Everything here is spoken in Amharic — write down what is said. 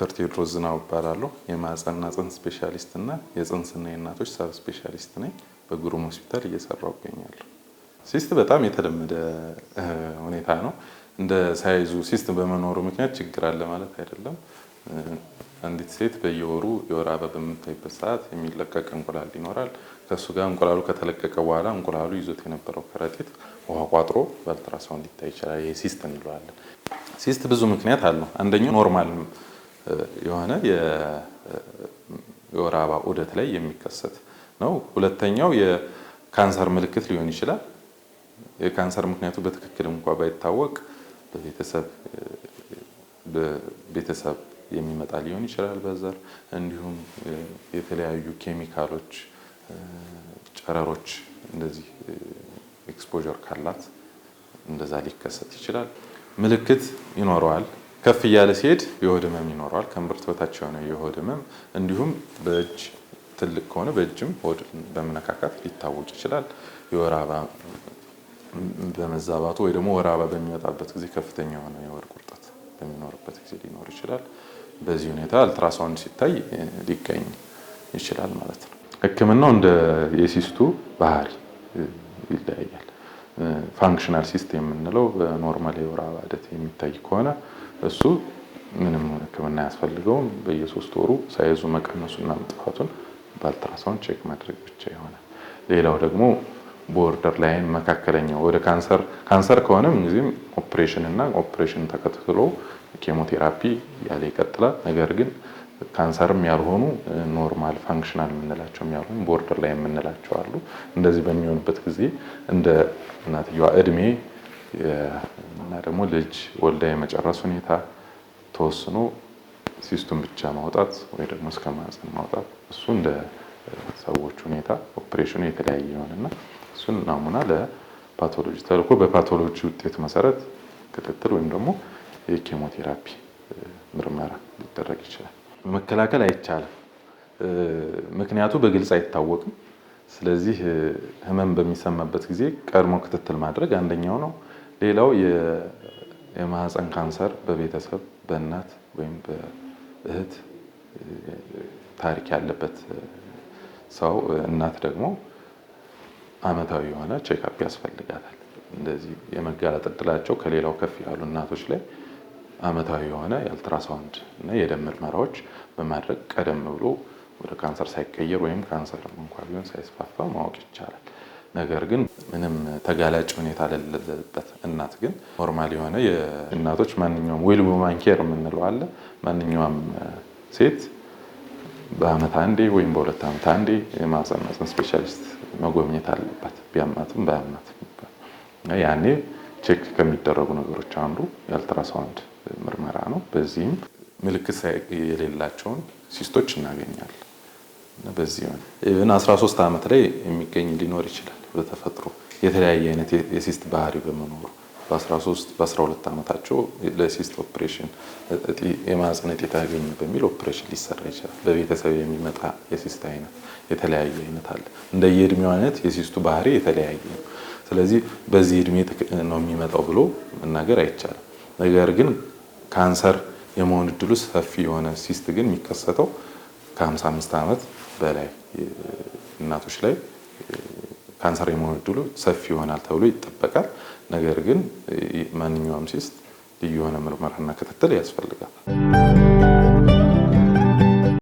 ዶክተር ቴዎድሮስ ዝናው እባላለሁ። የማህፀንና ጽንስ ስፔሻሊስት እና የጽንስና የእናቶች ሰብ ስፔሻሊስት ነኝ። በጉሩም ሆስፒታል እየሰራ እገኛለሁ። ሲስት በጣም የተለመደ ሁኔታ ነው። እንደ ሳይዙ ሲስት በመኖሩ ምክንያት ችግር አለ ማለት አይደለም። አንዲት ሴት በየወሩ የወር አበባ በምታይበት ሰዓት የሚለቀቅ እንቁላል ይኖራል። ከእሱ ጋር እንቁላሉ ከተለቀቀ በኋላ እንቁላሉ ይዞት የነበረው ከረጢት ውሃ ቋጥሮ በአልትራሳውንድ ሊታይ ይችላል። ይሄ ሲስት እንለዋለን። ሲስት ብዙ ምክንያት አለው። አንደኛው ኖርማል የሆነ የወር አበባ ዑደት ላይ የሚከሰት ነው። ሁለተኛው የካንሰር ምልክት ሊሆን ይችላል። የካንሰር ምክንያቱ በትክክል እንኳ ባይታወቅ በቤተሰብ የሚመጣ ሊሆን ይችላል፣ በዘር እንዲሁም የተለያዩ ኬሚካሎች፣ ጨረሮች እንደዚህ ኤክስፖዠር ካላት እንደዛ ሊከሰት ይችላል። ምልክት ይኖረዋል። ከፍ እያለ ሲሄድ የሆድ ህመም ይኖረዋል። ከእምብርት በታች የሆነ የሆድ ህመም እንዲሁም በእጅ ትልቅ ከሆነ በእጅም ሆድ በመነካካት ሊታወቅ ይችላል። የወር አበባ በመዛባቱ ወይ ደግሞ ወር አበባ በሚወጣበት ጊዜ ከፍተኛ የሆነ የወር ቁርጠት በሚኖርበት ጊዜ ሊኖር ይችላል። በዚህ ሁኔታ አልትራሳውንድ ሲታይ ሊገኝ ይችላል ማለት ነው። ህክምናው እንደ የሲስቱ ባህሪ ይለያያል። ፋንክሽናል ሲስት የምንለው በኖርማል የወር አበባ ሂደት የሚታይ ከሆነ እሱ ምንም ሕክምና ያስፈልገውም በየሶስት ወሩ ሳይዙ መቀነሱና መጥፋቱን ባልትራሳውን ቼክ ማድረግ ብቻ ይሆናል። ሌላው ደግሞ ቦርደር ላይን መካከለኛው ወደ ካንሰር ካንሰር ከሆነ ኦፕሬሽን እና ኦፕሬሽን ተከትሎ ኬሞቴራፒ ያለ ይቀጥላል። ነገር ግን ካንሰርም ያልሆኑ ኖርማል ፋንክሽናል የምንላቸው ያልሆኑ ቦርደር ላይ የምንላቸው አሉ። እንደዚህ በሚሆንበት ጊዜ እንደ እናትየዋ እድሜ እና ደግሞ ልጅ ወልዳ የመጨረስ ሁኔታ ተወስኖ ሲስቱን ብቻ ማውጣት ወይ ደግሞ እስከ ማህፀን ማውጣት እሱ እንደ ሰዎች ሁኔታ ኦፕሬሽኑ የተለያየ ይሆንና እሱን ናሙና ለፓቶሎጂ ተልኮ በፓቶሎጂ ውጤት መሰረት ክትትል ወይም ደግሞ የኬሞቴራፒ ምርመራ ሊደረግ ይችላል። መከላከል አይቻልም፣ ምክንያቱ በግልጽ አይታወቅም። ስለዚህ ህመም በሚሰማበት ጊዜ ቀድሞ ክትትል ማድረግ አንደኛው ነው። ሌላው የማህፀን ካንሰር በቤተሰብ በእናት ወይም በእህት ታሪክ ያለበት ሰው እናት ደግሞ አመታዊ የሆነ ቼክአፕ ያስፈልጋታል። እንደዚህ የመጋለጥ እድላቸው ከሌላው ከፍ ያሉ እናቶች ላይ አመታዊ የሆነ የአልትራሳውንድ እና የደም ምርመራዎች በማድረግ ቀደም ብሎ ወደ ካንሰር ሳይቀየር ወይም ካንሰር እንኳ ቢሆን ሳይስፋፋ ማወቅ ይቻላል። ነገር ግን ምንም ተጋላጭ ሁኔታ ለሌለበት እናት ግን ኖርማል የሆነ የእናቶች ማንኛውም ዌል ውማን ኬር የምንለው አለ። ማንኛውም ሴት በአመት አንዴ ወይም በሁለት ዓመት አንዴ የማህፀን ስፔሻሊስት መጎብኘት አለባት፣ ቢያማትም ባያማትም። ያኔ ቼክ ከሚደረጉ ነገሮች አንዱ የአልትራሳውንድ ምርመራ ነው። በዚህም ምልክት የሌላቸውን ሲስቶች እናገኛለን። በዚህ ኢቨን 13 ዓመት ላይ የሚገኝ ሊኖር ይችላል። በተፈጥሮ የተለያየ አይነት የሲስት ባህሪ በመኖሩ በ13 በ12 ዓመታቸው ለሲስት ኦፕሬሽን የማህፀን እጢ ታገኘ በሚል ኦፕሬሽን ሊሰራ ይችላል። በቤተሰብ የሚመጣ የሲስት አይነት የተለያየ አይነት አለ። የእድሜው አይነት የሲስቱ ባህሪ የተለያየ ነው። ስለዚህ በዚህ እድሜ ነው የሚመጣው ብሎ መናገር አይቻልም። ነገር ግን ካንሰር የመሆን እድሉ ሰፊ የሆነ ሲስት ግን የሚከሰተው ከ55 ዓመት በላይ እናቶች ላይ ካንሰር የመሆን እድሉ ሰፊ ይሆናል ተብሎ ይጠበቃል። ነገር ግን ማንኛውም ሲስት ልዩ የሆነ ምርመራና ክትትል ያስፈልጋል።